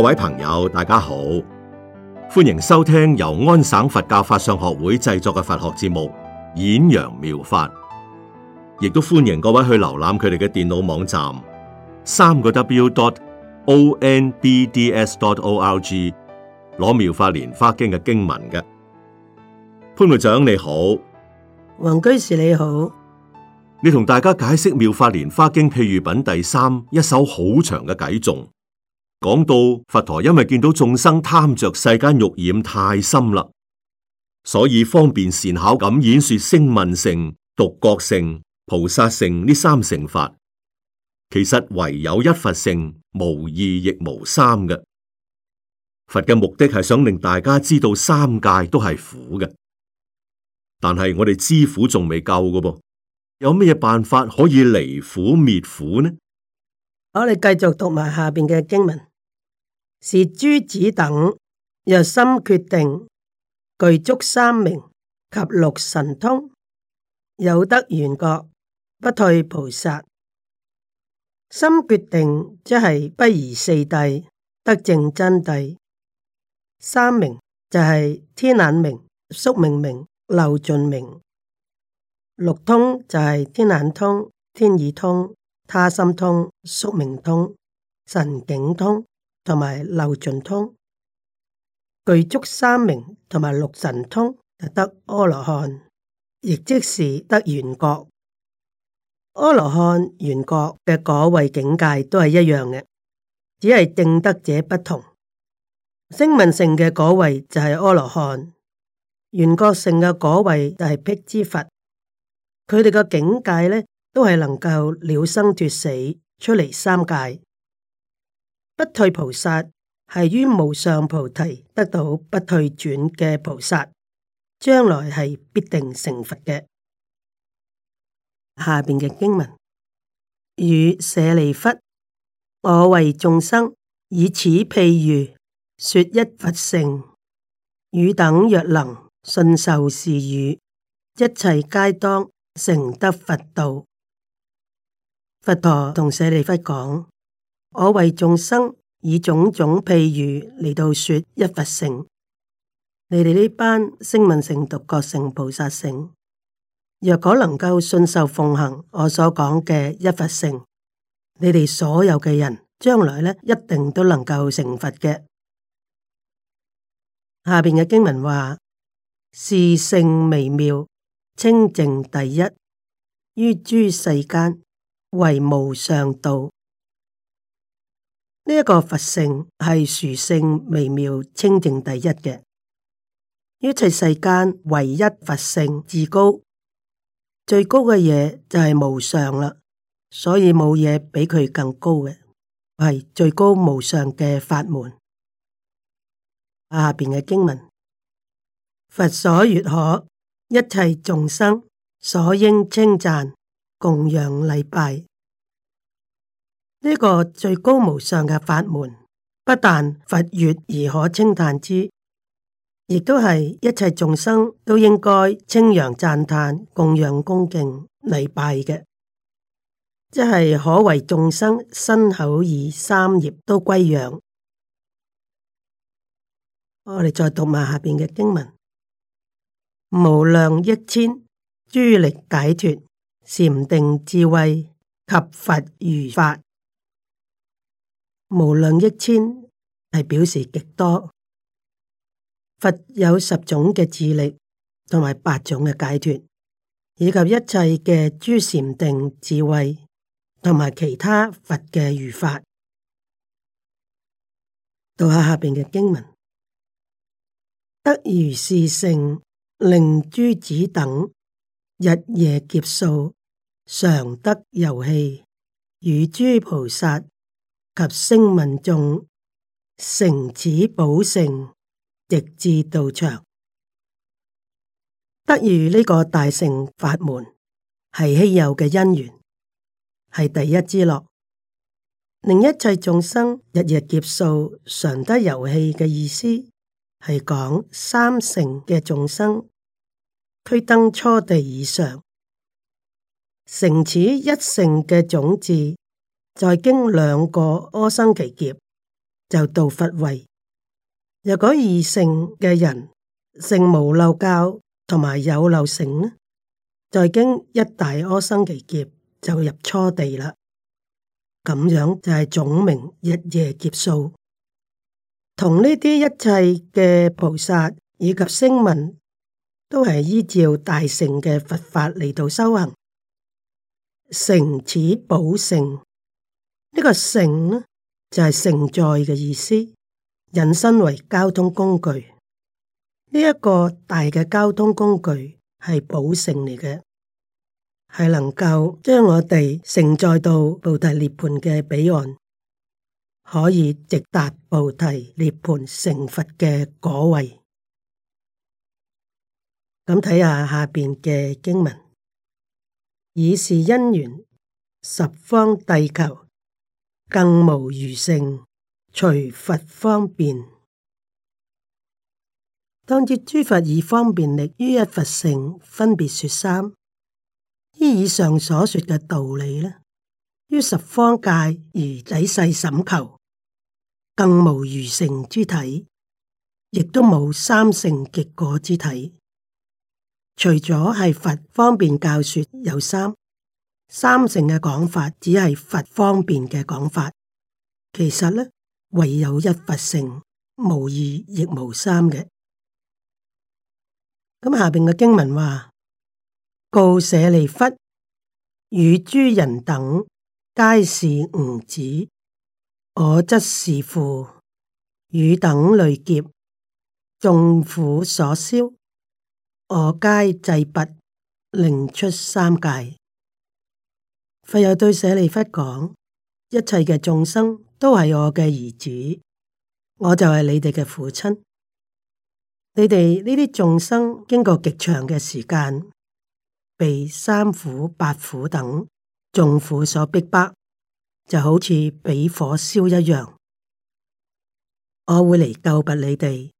各位朋友，大家好，歡迎收聽由安省佛教法上學會製作嘅佛學節目《演揚妙法》，亦都歡迎各位去瀏覽佢哋嘅電腦網站三個 W 點 O N B D S 點 O L G 攞妙法蓮花經嘅經文嘅潘會長你好，王居士你好，你同大家解釋妙法蓮花經譬喻品第三一首好長嘅偈頌。講到佛陀，因為見到眾生貪着世間欲染太深啦，所以方便善巧咁演說聲聞性、獨覺性、菩薩性呢三乘法。其實唯有一佛性，無二亦無三嘅。佛嘅目的係想令大家知道三界都係苦嘅。但係我哋知苦仲未夠嘅噃，有咩嘢辦法可以離苦滅苦呢？我哋繼續讀埋下邊嘅經文，是諸子等，若心決定具足三明及六神通，有得緣覺不退菩薩心決定，即係不疑四諦，得證真諦。三明就係、是、天眼明、宿命明，明、漏盡明，明；六通就係、是、天眼通、天耳通。他心通、宿命通、神境通同埋漏盡通，具足三明同埋六神通，就得阿羅漢，亦即是得緣覺。阿羅漢緣覺嘅果位境界都係一樣嘅，只係定得者不同。聲聞乘嘅果位就係阿羅漢，緣覺乘嘅果位就係辟支佛。佢哋嘅境界呢，都係能夠了生脱死出嚟三界。不退菩薩係於無上菩提得到不退轉嘅菩薩，將來係必定成佛嘅。下邊嘅經文與舍利弗，我為眾生以此譬喻說一佛乘：「汝等若能信受是語，一切皆當成得佛道。佛陀同舍利弗講：我為眾生以種種譬喻嚟到說一佛乘。你哋呢班聲聞性、獨覺性、菩薩性，若果能夠信受奉行我所講嘅一佛乘，你哋所有嘅人將來咧一定都能夠成佛嘅。下邊嘅經文話：是乘微妙，清淨第一，於諸世間。為無上道，呢、這、一個佛性係殊勝微妙、清淨第一嘅，一切世間唯一佛性至高，最高嘅嘢就係無上啦，所以冇嘢比佢更高嘅，係最高無上嘅法門。下邊嘅經文：佛所悦可，一切眾生所應稱讚。供養禮拜呢、這個最高無上嘅法門，不但佛悅而可稱歎之，亦都係一切眾生都應該稱揚讚歎、供養恭敬禮拜嘅，即係可為眾生身口意三業都歸仰。我哋再讀埋下面嘅經文：無量億千諸力解脫。禪定智慧及佛如法。無量億千係表示極多。佛有十種嘅智力，同埋八種嘅解脫，以及一切嘅諸禪定智慧，同埋其他佛嘅如法。讀下下邊嘅經文：得如是乘，令諸子等日夜劫數。常得遊戲與諸菩薩及聲聞眾成此寶城，直至道場，得遇呢個大乘法門，係稀有嘅因緣，係第一之樂。令一切眾生日日劫受常得遊戲嘅意思，係講三乘嘅眾生推登初地以上。成此一乘嘅種子，在經兩個阿僧祇劫就到佛位。若果二乘嘅人，性無漏教同埋有漏性呢，在經一大阿僧祇劫就入初地啦。咁樣就係總名日夜劫數，同呢啲一切嘅菩薩以及聲聞都係依照大乘嘅佛法嚟到修行。乘此寶乘，呢、這個乘呢就係承載嘅意思，引申為交通工具。呢、這、一個大嘅交通工具係寶乘嚟嘅，係能夠將我哋承載到菩提涅槃嘅彼岸，可以直達菩提涅槃成佛嘅果位。咁睇下下邊嘅經文。以是因緣，十方諦求，更無餘乘，除佛方便。當知諸佛以方便力，於一佛乘分別說三。依以上所說嘅道理呢，於十方界而仔細審求，更無餘乘之體，亦都冇三乘極果之體。除咗係佛方便教說有三三乘嘅講法，只係佛方便嘅講法。其實咧，唯有一佛乘無二亦無三嘅。咁下邊嘅經文話：告舍利弗，汝諸人等，皆是吾子，我則是父。汝等累劫，眾苦所燒。我皆濟拔令出三界。佛又對舍利弗講：一切嘅眾生都係我嘅兒子，我就係你哋嘅父親。你哋呢啲眾生經過極長嘅時間，被三苦、八苦等眾苦所逼迫，就好似俾火燒一樣，我會嚟救拔你哋。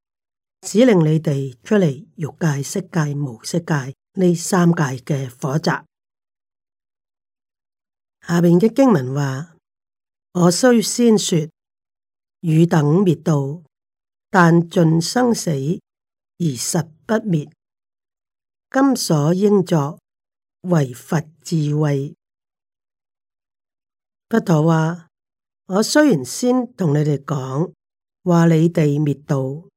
指令你哋出嚟欲界、色界、無色界呢三界嘅火宅。下邊嘅經文話：我雖先說汝等滅道，但盡生死而實不滅。今所應作，為佛智慧。佛陀話：我雖然先同你哋講，話你哋滅道。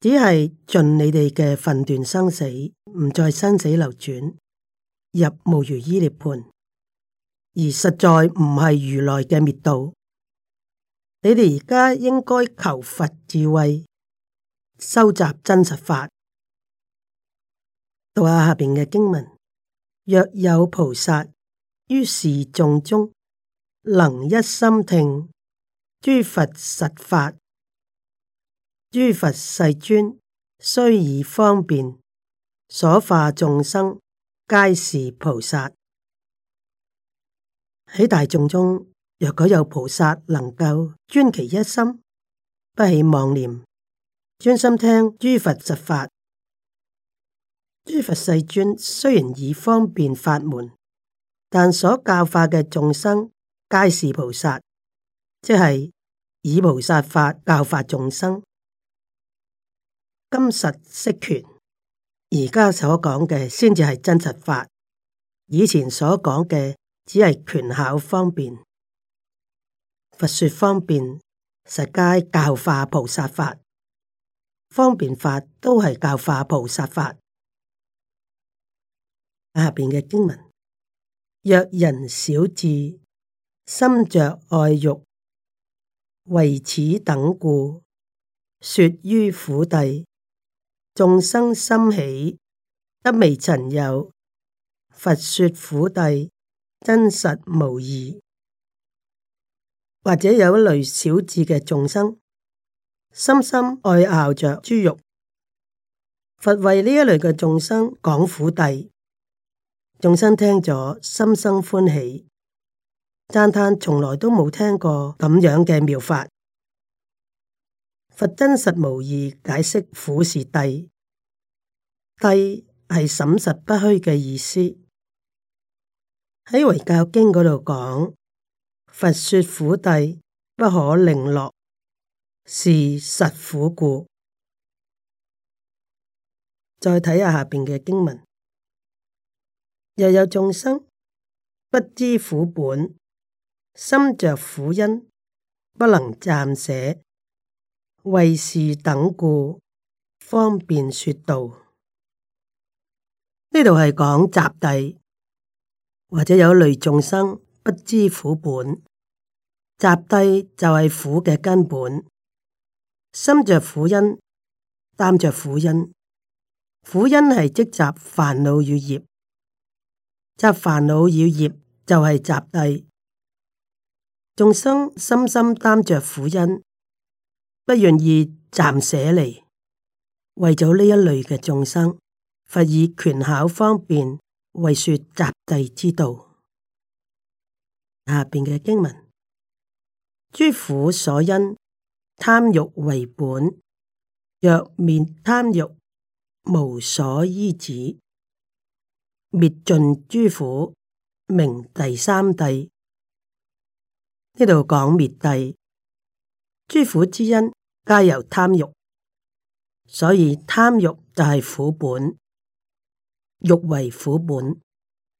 只係盡你哋嘅分段生死，唔再生死流轉，入無餘依涅盤，而實在唔係如來嘅滅度。你哋而家應該求佛智慧，收集真實法。讀下下邊嘅經文：若有菩薩於是眾中能一心聽諸佛實法。諸佛世尊雖以方便，所化眾生皆是菩薩。喺大眾中，若果有菩薩能夠專其一心，不起妄念，專心聽諸佛實法，諸佛世尊雖然以方便法門，但所教化嘅眾生皆是菩薩，即係以菩薩法教化眾生。今實識權，而家所講嘅先至係真實法，以前所講嘅只係權巧方便。佛說方便，實皆教化菩薩法，方便法都係教化菩薩法。下邊嘅經文：若人小智，心着愛欲，為此等故，說於苦諦。」眾生心喜，得未曾有。佛說苦諦，真實無異。或者有一類小智嘅眾生，深深愛咬着豬肉。佛為呢一類嘅眾生講苦諦，眾生聽咗心生歡喜，讚歎從來都冇聽過咁樣嘅妙法。佛真實無異解釋苦是諦。諦係審實不虛嘅意思，喺《遺教經》嗰度講，佛說苦諦不可令樂，是實苦故。再睇下下邊嘅經文，又有眾生不知苦本，心着苦因，不能暫捨，為是等故，方便說道。呢度係講集諦，或者有一類眾生不知苦本，集諦就係苦嘅根本，心着苦因，擔着苦因，苦因係積集煩惱與業，集煩惱與業就係集諦。眾生深深擔着苦因，不願意暫捨離，為咗呢一類嘅眾生。佛以權巧方便為說集諦之道，下邊嘅經文：諸苦所因，貪欲為本，若滅貪欲，無所依止，滅盡諸苦，名第三諦。呢度講滅諦，諸苦之因皆由貪欲，所以貪欲就係苦本。欲為苦本，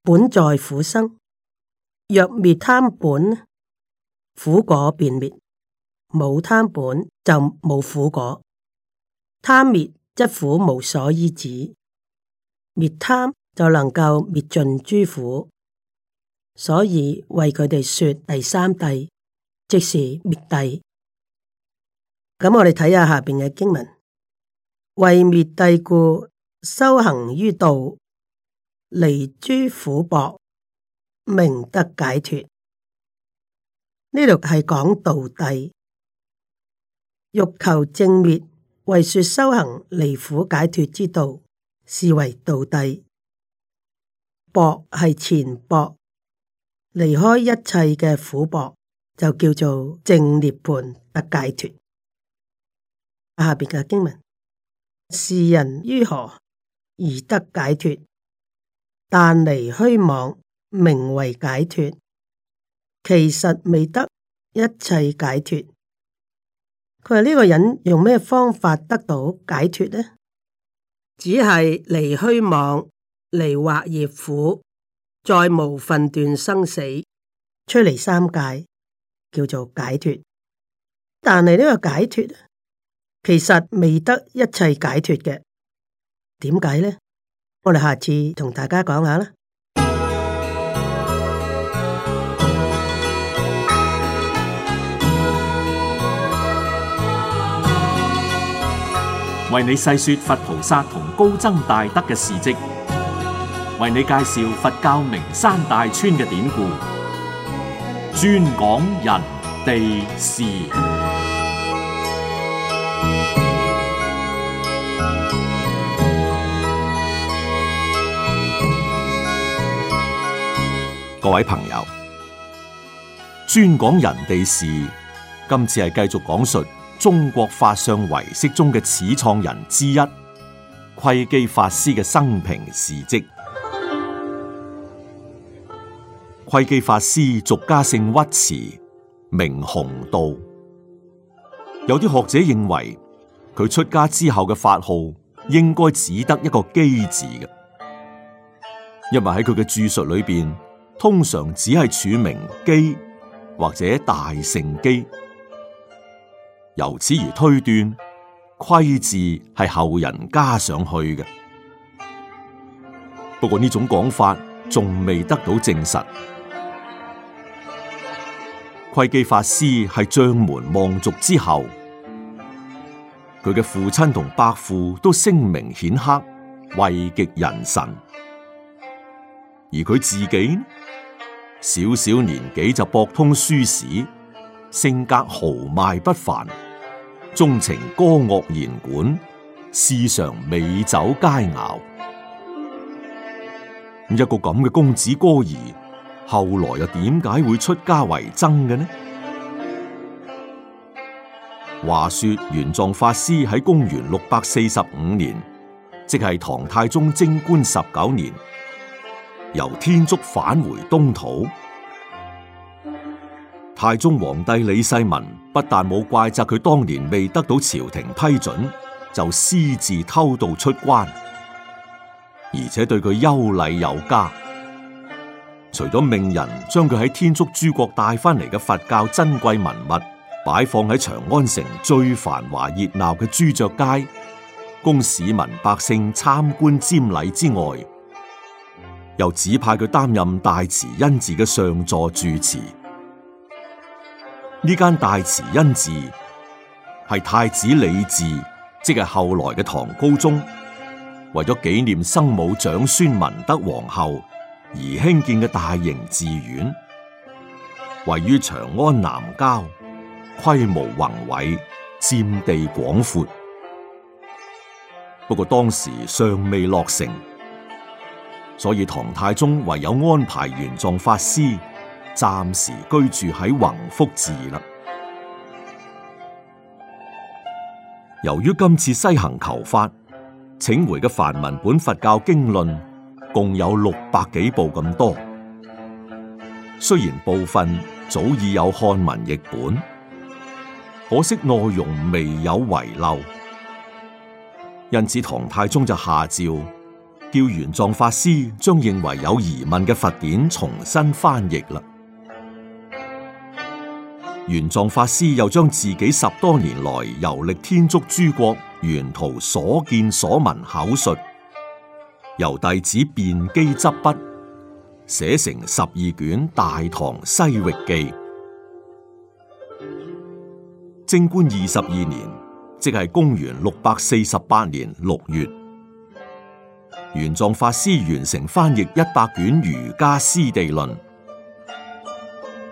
本在苦生。若滅貪本，苦果便滅；冇貪本就冇苦果。貪滅則苦無所依止，滅貪就能夠滅盡諸苦。所以為佢哋說第三諦，即是滅諦。咁我哋睇下下邊嘅經文，為滅諦故，修行於道。離諸苦縛，名得解脱。呢度係講道諦，欲求正滅，為說修行離苦解脱之道，是為道諦。縛係纏縛，離開一切嘅苦縛，就叫做正涅槃得解脱。下邊嘅經文，是人於何而得解脱？但離虛妄名為解脫，其實未得一切解脫。佢話呢個人用咩方法得到解脫呢？只係離虛妄，離惑業苦，再無分段生死，出離三界，叫做解脫。但係呢個解脫，其實未得一切解脫嘅，點解呢？我哋下次同大家講下啦，為你細說佛菩薩同高僧大德嘅事蹟，為你介紹佛教名山大川嘅典故，專講人地事。各位朋友，專講人哋事，今次係繼續講述中國法相唯識中嘅始創人之一窺基法師嘅生平事迹。窺基法師俗家姓尉遲，名洪道。有啲學者認為佢出家之後嘅法號應該只得一個基字嘅，因為喺佢嘅著述裏邊。通常只係署名基或者大乘基，由此而推斷，窺字係後人加上去嘅。不過呢種講法仲未得到證實。窺基法師係將門望族之後，佢嘅父親同伯父都聲名顯赫，位極人臣，而佢自己。小小年紀就博通書史，性格豪邁不凡，鍾情歌樂弦管，時常美酒佳肴。咁一個咁嘅公子哥兒，後來又點解會出家為僧嘅呢？話說玄奘法師喺公元六百四十五年，即係唐太宗貞觀十九年。由天竺返回東土，太宗皇帝李世民不但冇怪責佢當年未得到朝廷批准就私自偷渡出關，而且對佢優禮有加。除咗命人將佢喺天竺諸國帶翻嚟嘅佛教珍貴文物擺放喺長安城最繁華熱鬧嘅朱雀街，供市民百姓參觀瞻禮之外，又指派佢擔任大慈恩寺嘅上座住持。呢間大慈恩寺係太子李治，即係後來嘅唐高宗，為咗紀念生母長孫文德皇后而興建嘅大型寺院，位於長安南郊，規模宏偉，佔地廣闊。不過當時尚未落成。所以唐太宗唯有安排玄奘法師暫時居住喺弘福寺啦。由於今次西行求法，請回嘅梵文本佛教經論共有六百幾部咁多。雖然部分早已有漢文譯本，可惜內容未有遺漏。因此唐太宗就下詔。叫玄奘法師將認為有疑問嘅佛典重新翻譯啦。玄奘法師又將自己十多年來遊歷天竺諸國沿途所見所聞口述，由弟子辯機執筆寫成十二卷《大唐西域記》。貞觀二十二年，即係公元六百四十八年六月。玄奘法師完成翻譯一百卷《瑜伽師地論》，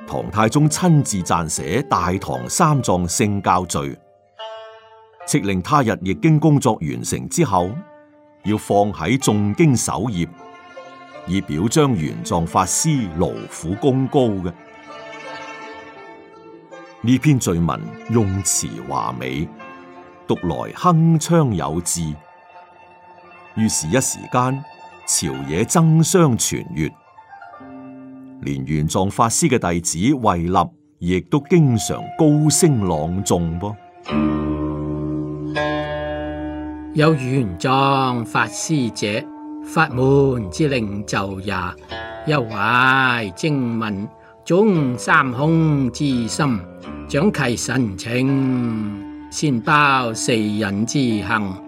唐太宗親自撰寫《大唐三藏聖教序》，敕令他日譯經工作完成之後，要放喺眾經首頁，以表彰玄奘法師勞苦功高嘅。呢篇序文用詞華美，讀來鏗鏘有致。於是，一時間朝野爭相傳閱，連玄奘法師嘅弟子慧立，亦都經常高聲朗誦噃。有玄奘法師者，法門之領袖也，又為精文總三空之心，掌契神情，先包四忍之行。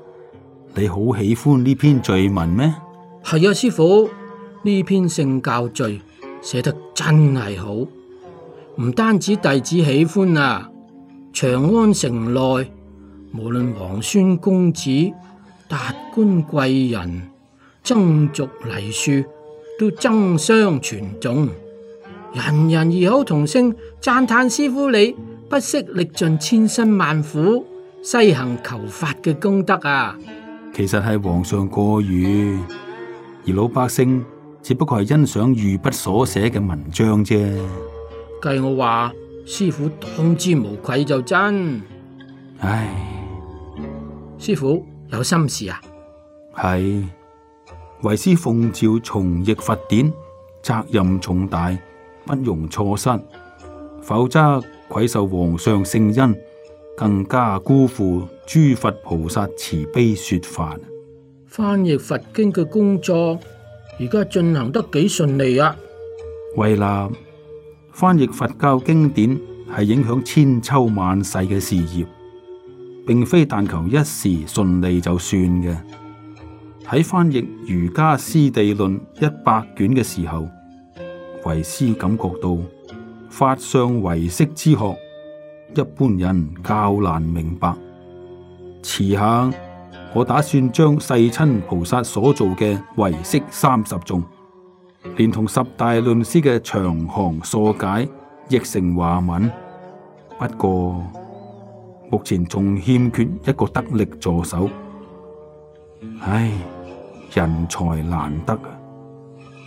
你好喜歡呢篇序文咩？係啊，師傅，呢篇聖教序寫得真係好，唔單止弟子喜歡啊，長安城內無論皇孫公子、達官貴人、僧俗黎庶，都爭相傳頌，人人異口同聲讚歎師傅你不惜歷盡千辛萬苦西行求法嘅功德啊！其實係皇上過譽，而老百姓只不過係欣賞御筆所寫嘅文章啫。計我話，師傅當之無愧就真。唉，師傅有心事啊？係，為師奉詔重譯佛典，責任重大，不容錯失，否則愧受皇上聖恩。更加辜負諸佛菩薩慈悲說法。翻譯佛經嘅工作，而家進行得幾順利啊？維納，翻譯佛教經典係影響千秋萬世嘅事業，並非但求一時順利就算嘅。喺翻譯《瑜伽師地論》一百卷嘅時候，為師感覺到法相唯識之學，一般人較難明白。遲下我打算將世親菩薩所做嘅唯識三十頌，連同十大論師嘅長行疏解，譯成華文。不過目前仲欠缺一個得力助手。唉，人才難得啊！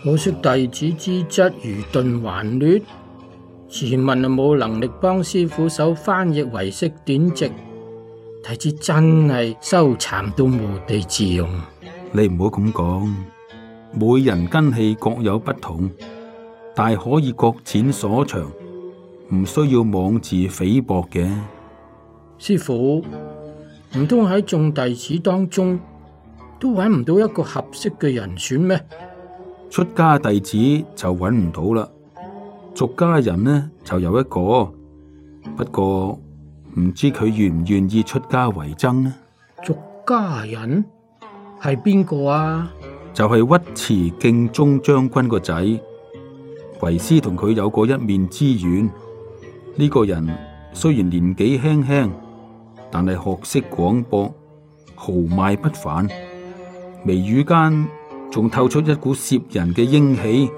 可惜弟子資質愚鈍頑劣。前文啊冇能力幫師傅手翻譯唯識典籍，弟子真係羞慚到無地自容。你唔好咁講，每人根器各有不同，但可以各展所長，唔需要妄自菲薄嘅。師傅唔通喺眾弟子當中都揾唔到一個合適嘅人選咩？出家弟子就揾唔到啦。俗家人呢就有一個，不過唔知佢願唔願意出家為僧呢？俗家人係邊個啊？就係尉遲敬忠將軍個仔為師，同佢有過一面之緣。呢、這個人雖然年紀輕輕，但係學識廣博，豪邁不凡，眉宇間仲透出一股攝人嘅英氣。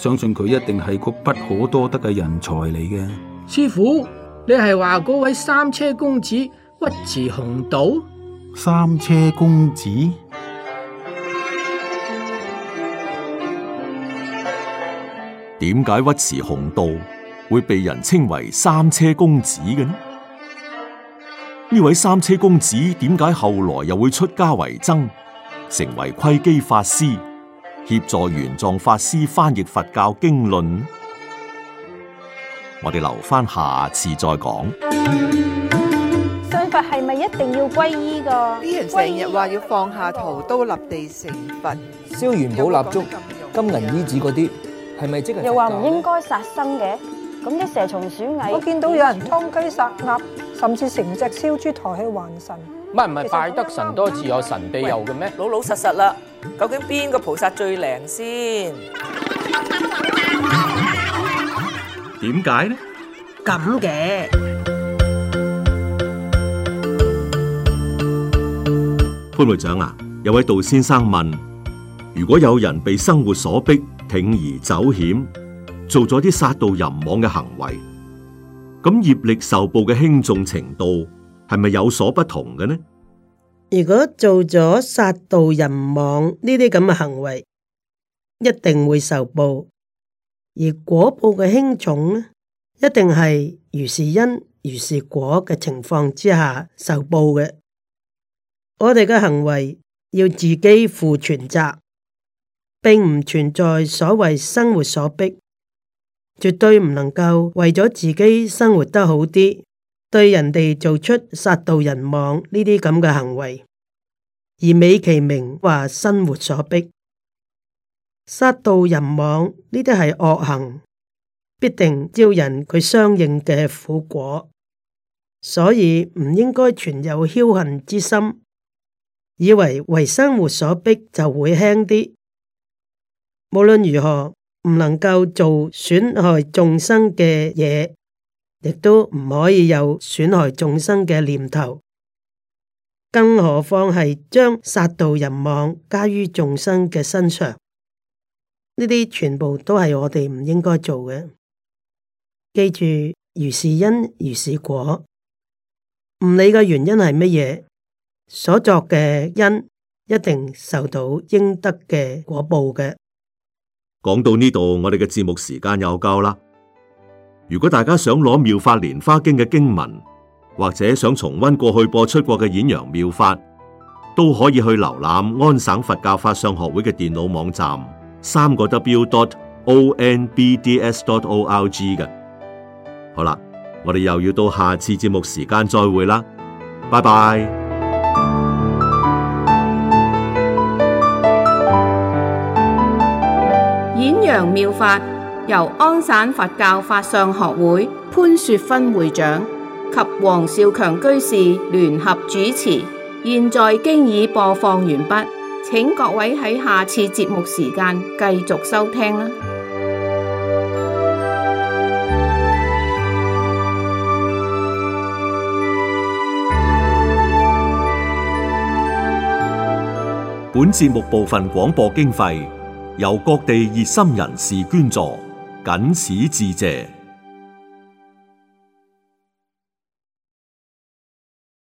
相信佢一定係個不可多得嘅人才嚟嘅。師傅，你係話嗰位三車公子尉遲洪道？三車公子？點解尉遲洪道會被人稱為三車公子嘅呢？呢位三車公子點解後來又會出家為僧，成為窺基法師？協助玄奘法師翻譯佛教經論，我哋留返下次再講。信佛係咪一定要皈依噶？啲人成日話要放下屠刀立地成佛，燒元寶蠟燭、金銀衣紙嗰啲，係咪即係？又話唔應該殺生嘅，咁啲蛇蟲鼠蟻，我見到有人劏雞殺鴨，甚至成隻燒豬抬去還神。唔係唔係，拜得神多自有神庇佑嘅咩？老老實實啦，究竟邊個菩薩最靈先？點解呢？咁嘅潘會長啊，有位道先生問：如果有人被生活所逼，鋌而走險，做咗啲殺盜淫妄嘅行為，咁業力受報嘅輕重程度？係咪有所不同嘅呢？如果做咗殺盜淫妄呢啲咁嘅行為，一定會受報。而果報嘅輕重呢，一定係如是因如是果嘅情況之下受報嘅。我哋嘅行為要自己負全責，並唔存在所謂「生活所迫」，絕對唔能夠為咗自己生活得好啲。對人哋做出殺盜淫妄呢啲咁嘅行為，而美其名話生活所逼，殺盜淫妄呢啲係惡行，必定招引佢相應嘅苦果。所以唔應該存有僥幸之心，以為為生活所逼就會輕啲。無論如何，唔能夠做損害眾生嘅嘢。亦都唔可以有損害眾生嘅念頭，更何況係將殺盜淫妄加於眾生嘅身上，呢啲全部都係我哋唔應該做嘅。記住，如是因如是果，唔理個原因係乜嘢，所作嘅因一定受到應得嘅果報嘅。講到呢度，我哋嘅節目時間又夠啦。如果大家想攞《妙法蓮華經》嘅經文，或者想重溫過去播出過嘅《演揚妙法》，都可以去瀏覽安省佛教法相學會嘅電腦網站，三個 W dot O N B D S dot O R G 嘅。好啦，我哋又要到下次節目時間再會啦，拜拜。演揚妙法。由安省佛教法相學會潘雪芬會長及黃少強居士聯合主持，現在經已播放完畢，請各位喺下次節目時間繼續收聽啦。本節目部分廣播經費由各地熱心人士捐助。僅此致謝。